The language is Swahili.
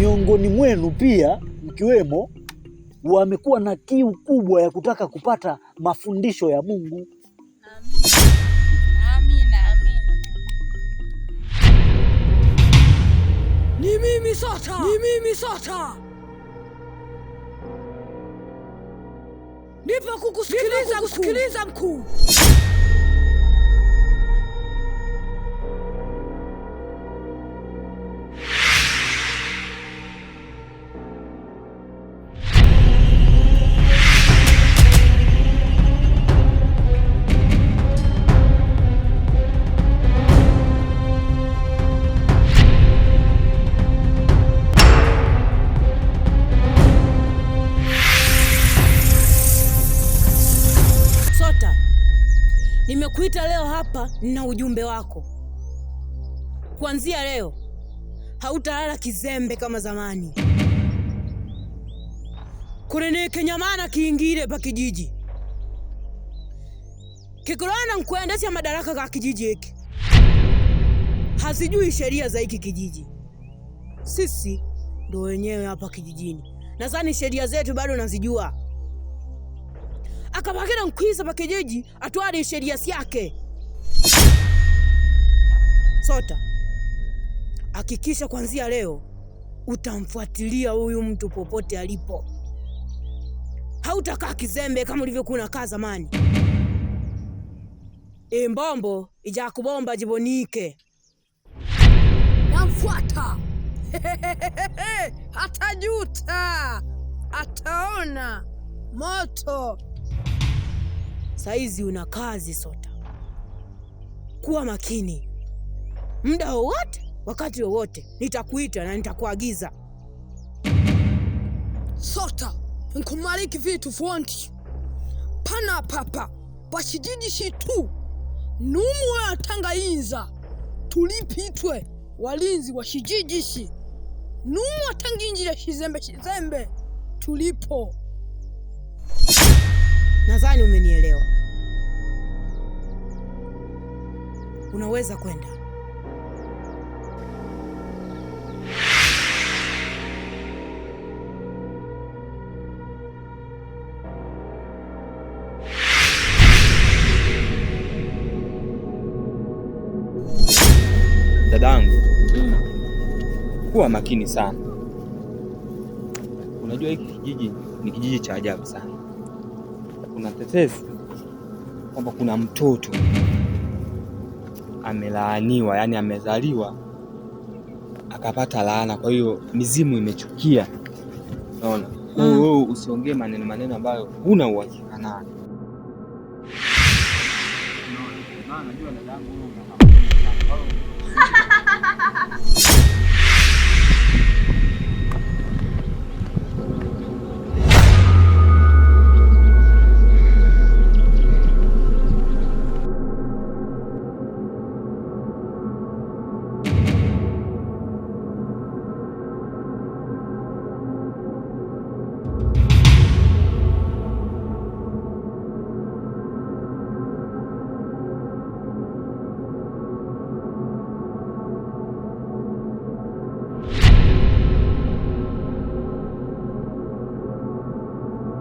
miongoni mwenu pia mkiwemo wamekuwa na kiu kubwa ya kutaka kupata mafundisho ya Mungu. Amina, amina. Ni mimi sasa, ni mimi sasa. Nipo kukusikiliza mkuu. Nimekuita leo hapa na ujumbe wako. Kuanzia leo hautalala kizembe kama zamani. kunenekenyamana kiingire pa kijiji kikulana nkuendesha madaraka ka kijiji hiki hazijui sheria za hiki kijiji. Sisi ndo wenyewe hapa kijijini, nadhani sheria zetu bado nazijua akabagera mkwiza pakejeji atware sheria yake sota. Hakikisha kwanzia leo utamfuatilia huyu mtu popote alipo, hautakaa kizembe kama ulivyokuwa unakaa zamani. Imbombo e, ijakubomba jibonike, namfuata hatajuta, ataona moto. Saizi una kazi Sota, kuwa makini. Muda wowote, wakati wowote, nitakuita na nitakuagiza. Sota nkumaliki vitu fonti pana papa pachijiji shitu tanga inza tulipitwe walinzi wa shijiji shi tangi injira shizembe shizembe tulipo Nadhani umenielewa. Unaweza kwenda. Dadangu, Kuwa makini sana. Unajua hiki kijiji ni kijiji cha ajabu sana kuna tetesi kwamba kuna mtoto amelaaniwa, yani amezaliwa akapata laana, kwa hiyo mizimu imechukia. Unaona, wewe hmm. usiongee maneno maneno ambayo huna uhakika nayo.